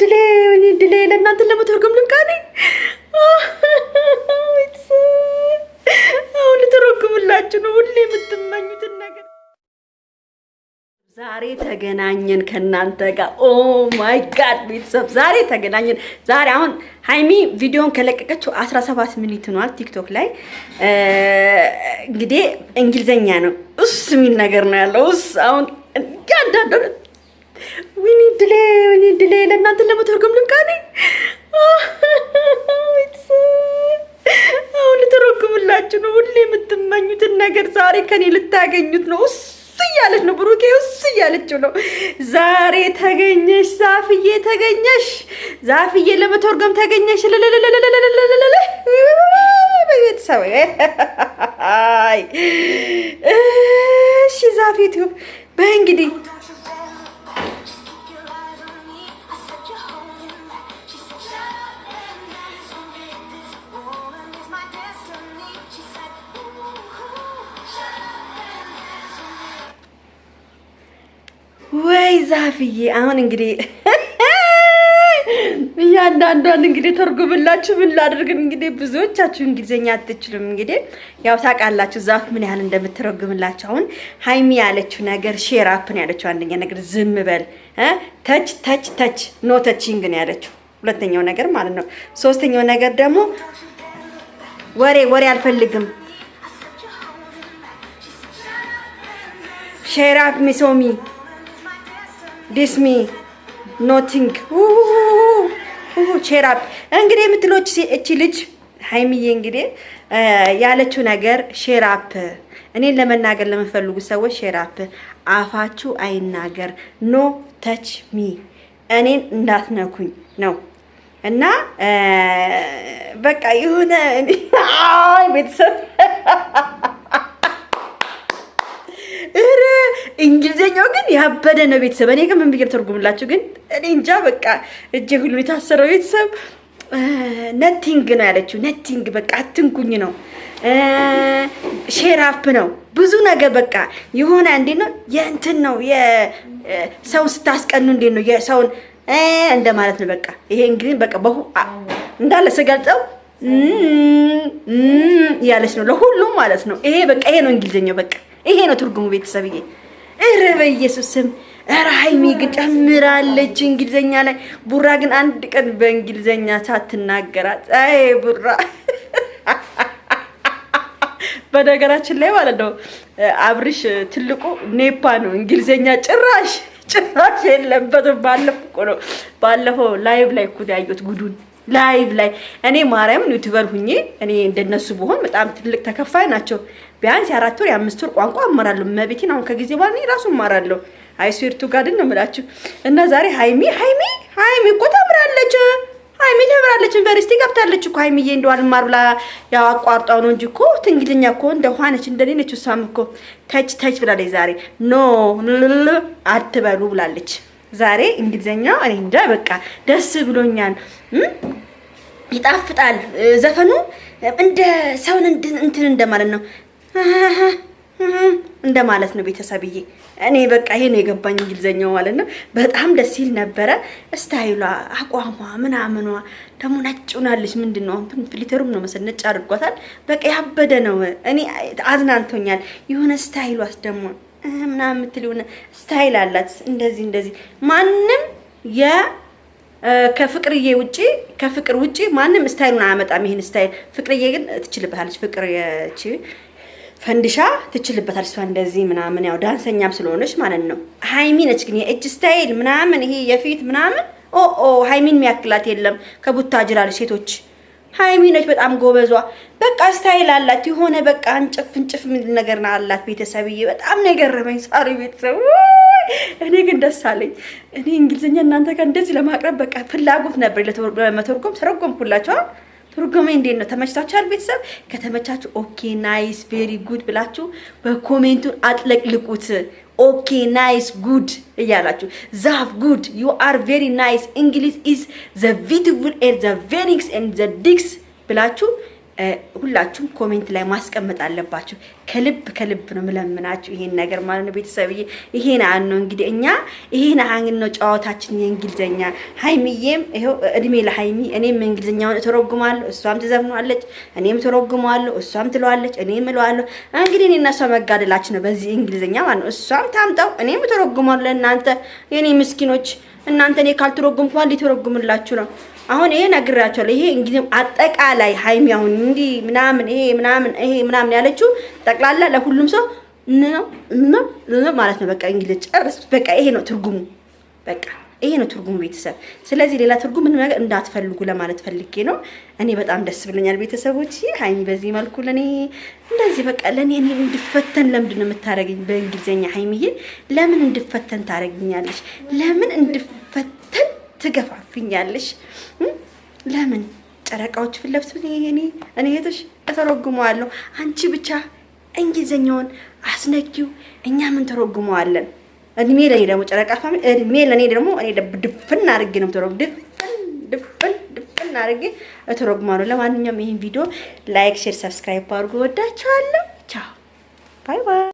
ድሌ ድሌ ለእናንተን ለመተርጎም ልብቃ አሁን ልተረጉምላችሁ ነው ሁሌ የምትመኙትን ነገር። ዛሬ ተገናኘን ከእናንተ ጋር። ኦ ማይ ጋድ ቤተሰብ ዛሬ ተገናኘን። ዛሬ አሁን ሀይሚ ቪዲዮን ከለቀቀችው 17 ሚኒት ሆኗል። ቲክቶክ ላይ እንግዲህ እንግሊዘኛ ነው እሱ የሚል ነገር ነው ያለው። እሱ አሁን ያንዳንዱ ወይኔ ድሌ፣ ወይኔ ድሌ። ለእናንተ ለመተርጎም ልብቃኔ አሁን ልተረጉምላችሁ ነው። ሁሌ የምትመኙትን ነገር ዛሬ ከኔ ልታገኙት ነው። እሱ እያለች ነው ብሩኬ፣ እሱ እያለችው ነው። ዛሬ ተገኘሽ ዛፍዬ፣ ተገኘሽ ዛፍዬ፣ ለመተርጎም ተገኘሽ። ቤተሰብ እሺ፣ ዛፍ ዩቲዩብ በይ ይዛፍዬ ዛፍዬ፣ አሁን እንግዲህ እያንዳንዷን እንግዲህ ተርጉምላችሁ ምን ላድርግ እንግዲህ ብዙዎቻችሁ እንግሊዝኛ አትችሉም። እንግዲህ ያው ታውቃላችሁ ዛፍ ምን ያህል እንደምትረጉምላችሁ። አሁን ሀይሚ ያለችው ነገር ሼር አፕ ያለችው። አንደኛ ነገር ዝም በል ተች ተች ተች ኖ ተችንግ ነው ያለችው። ሁለተኛው ነገር ማለት ነው። ሶስተኛው ነገር ደግሞ ወሬ ወሬ አልፈልግም ሼር አፕ ሚሶሚ ዲስሚ ኖቲንግ ሼራፕ እንግዲህ የምትሎች እቺ ልጅ ሀይሚዬ እንግዲህ ያለችው ነገር ሼራፕ እኔን ለመናገር ለምፈልጉ ሰዎች ሼራፕ አፋችሁ አይናገር፣ ኖ ተች ሚ እኔን እንዳትነኩኝ ነው። እና በቃ የሆነ ቤተሰብ ግን ያበደ ነው ቤተሰብ። እኔ ግን ምን ብዬ ተርጉምላችሁ ግን እኔ እንጃ። በቃ እጄ ሁሉ የታሰረው ቤተሰብ ነቲንግ ነው ያለችው። ነቲንግ በቃ አትንኩኝ ነው ሼር አፕ ነው ብዙ ነገር በቃ የሆነ እንዴ ነው የእንትን ነው የሰው ስታስቀኑ እንዴ ነው የሰውን እንደ ማለት ነው። በቃ ይሄ እንግዲህ በቃ በሁ እንዳለ ስገልጸው ያለች ነው ለሁሉም ማለት ነው። ይሄ በቃ ይሄ ነው እንግሊዝኛው። በቃ ይሄ ነው ትርጉሙ ቤተሰብዬ። እረ በኢየሱስ ስም እረ ሀይሚ ግን ጨምራለች እንግሊዘኛ ላይ። ቡራ ግን አንድ ቀን በእንግሊዘኛ ሳትናገራት አይ ቡራ በነገራችን ላይ ማለት ነው አብርሽ ትልቁ ኔፓ ነው። እንግሊዘኛ ጭራሽ ጭራሽ የለበትም። ባለፈው ነው ባለፈው ላይቭ ላይ እኮ ያየሁት ጉዱን ላይቭ ላይ እኔ ማርያምን ዩቲዩበር ሁኜ እኔ እንደነሱ ብሆን በጣም ትልቅ ተከፋይ ናቸው። ቢያንስ የአራት ወር የአምስት ወር ቋንቋ እማራለሁ። መቤቴን አሁን ከጊዜ በኋላ እኔ ራሱ እማራለሁ። አይስዌርቱ ጋድን ነው የምላችሁ። እና ዛሬ ሀይሚ ሀይሚ ሀይሚ እኮ ተምራለች፣ ሀይሚ ተምራለች፣ ዩኒቨርሲቲ ገብታለች እኮ ሀይሚዬ። እንደው አልማር ብላ ያው አቋርጣው ነው እንጂ እኮ ትንግልኛ እኮ እንደሆነች እንደኔ ነች። እሷም እኮ ተች ተች ብላለች ዛሬ። ኖ አትበሉ ብላለች። ዛሬ እንግሊዘኛው እኔ እንጃ በቃ ደስ ብሎኛል። ይጣፍጣል ዘፈኑ እንደ ሰውን እንትን እንደማለት ነው እንደማለት ነው ቤተሰብዬ። እኔ በቃ ይሄ ነው የገባኝ እንግሊዘኛው ማለት ነው። በጣም ደስ ይል ነበረ። ስታይሏ፣ አቋሟ፣ ምናምኗ ደግሞ ነጭ ሆናለች። ምንድን ነው አሁን ፍሊተሩም ነው መሰል ነጭ አድርጓታል። በቃ ያበደ ነው። እኔ አዝናንቶኛል የሆነ ስታይሏስ ደግሞ ምናምን የምትል ስታይል አላት። እንደዚህ እንደዚህ ማንም የ ከፍቅርዬ ውጪ ከፍቅር ውጪ ማንም ስታይሉን አያመጣም። ይሄን ስታይል ፍቅርዬ ግን ትችልበታለች። ፍቅር እቺ ፈንድሻ ትችልበታል። እሷ እንደዚህ ምናምን ያው ዳንሰኛም ስለሆነች ማለት ነው። ሃይሚ ነች ግን የእጅ ስታይል ምናምን ይሄ የፊት ምናምን ኦ ኦ ሃይሚን የሚያክላት የለም። ከቡታ ጅራለች ሴቶች ሀይሚ ነች በጣም ጎበዟ። በቃ ስታይል አላት የሆነ በቃ እንጭፍ እንጭፍ ምንድን ነገር አላት። ቤተሰብዬ በጣም ነው የገረመኝ ሳሪ ቤተሰብ። እኔ ግን ደስ አለኝ። እኔ እንግሊዝኛ እናንተ ጋር እንደዚህ ለማቅረብ በቃ ፍላጎት ነበር፣ ለመተርጎም ተረጎምኩላቸዋል። ትርጉሜ እንዴት ነው? ተመችታችኋል? ቤተሰብ ከተመቻችሁ ኦኬ ናይስ ቬሪ ጉድ ብላችሁ በኮሜንቱን አጥለቅልቁት። ኦኬ ናይስ ጉድ እያላችሁ ዛፍ ጉድ ዩ አር ቬሪ ናይስ እንግሊዝ ኢዝ ዘ ቢዩቲፉል ኤር ዘ ቬኒክስ ኤንድ ዘ ዲክስ ብላችሁ ሁላችሁም ኮሜንት ላይ ማስቀመጥ አለባችሁ። ከልብ ከልብ ነው ምለምናችሁ ይሄን ነገር ማለት ነው። ቤተሰብዬ ይሄን አን ነው እንግዲህ እኛ ይሄን አን ነው ጨዋታችን የእንግሊዝኛ። ሀይሚዬም ይኸው እድሜ ለሀይሚ እኔም እንግሊዝኛውን እተረጉማለሁ፣ እሷም ትዘፍኗለች፣ እኔም ተረጉማለሁ፣ እሷም ትለዋለች፣ እኔም እለዋለሁ። እንግዲህ እኔ እና እሷ መጋደላችን ነው በዚህ እንግሊዝኛ ማለት ነው። እሷም ታምጣው፣ እኔም እተረጉማለሁ። ለእናንተ የኔ ምስኪኖች እናንተ እኔ ካልተረጉምኩ ተረጉምላችሁ ነው። አሁን ይሄ ነግራችኋለሁ። ይሄ እንግዲህ አጠቃላይ ሀይሚ አሁን እንዲህ ምናምን ይሄ ምናምን ይሄ ምናምን ያለችው ጠቅላላ ለሁሉም ሰው ማለት ነው። በቃ እንግሊዝ ጨርስ። በቃ ይሄ ነው ትርጉሙ። በቃ ይሄ ነው ትርጉሙ ቤተሰብ። ስለዚህ ሌላ ትርጉም ምንም ነገር እንዳትፈልጉ ለማለት ፈልጌ ነው። እኔ በጣም ደስ ብሎኛል ቤተሰቦች። ሀይሚ በዚህ መልኩ ለኔ እንደዚህ በቃ ለእኔ እኔ እንድፈተን ለምንድን ነው የምታደርገኝ? በእንግሊዝኛ ሀይሚዬ ለምን እንድፈተን ታደርግኛለሽ? ለምን እንድፈተን ትገፋፍኛለሽ? ለምን ጨረቃዎች ፊት ለፊት እኔ እኔ እህትሽ እተረጉመዋለሁ አንቺ ብቻ እንግሊዘኛውን አስነኪው እኛ ምን ተረጉመዋለን? እድሜ ለእኔ ደግሞ ጨረቃ ፋሚ እድሜ ለእኔ ደግሞ እኔ ድፍን አድርጌ ነው ተረጉ ድፍን ድፍን ድፍን አድርጌ እተረጉማለሁ። ለማንኛውም ይህን ቪዲዮ ላይክ፣ ሼር፣ ሰብስክራይብ አድርጉ። ወዳችኋለሁ። ቻው ባይ ባይ።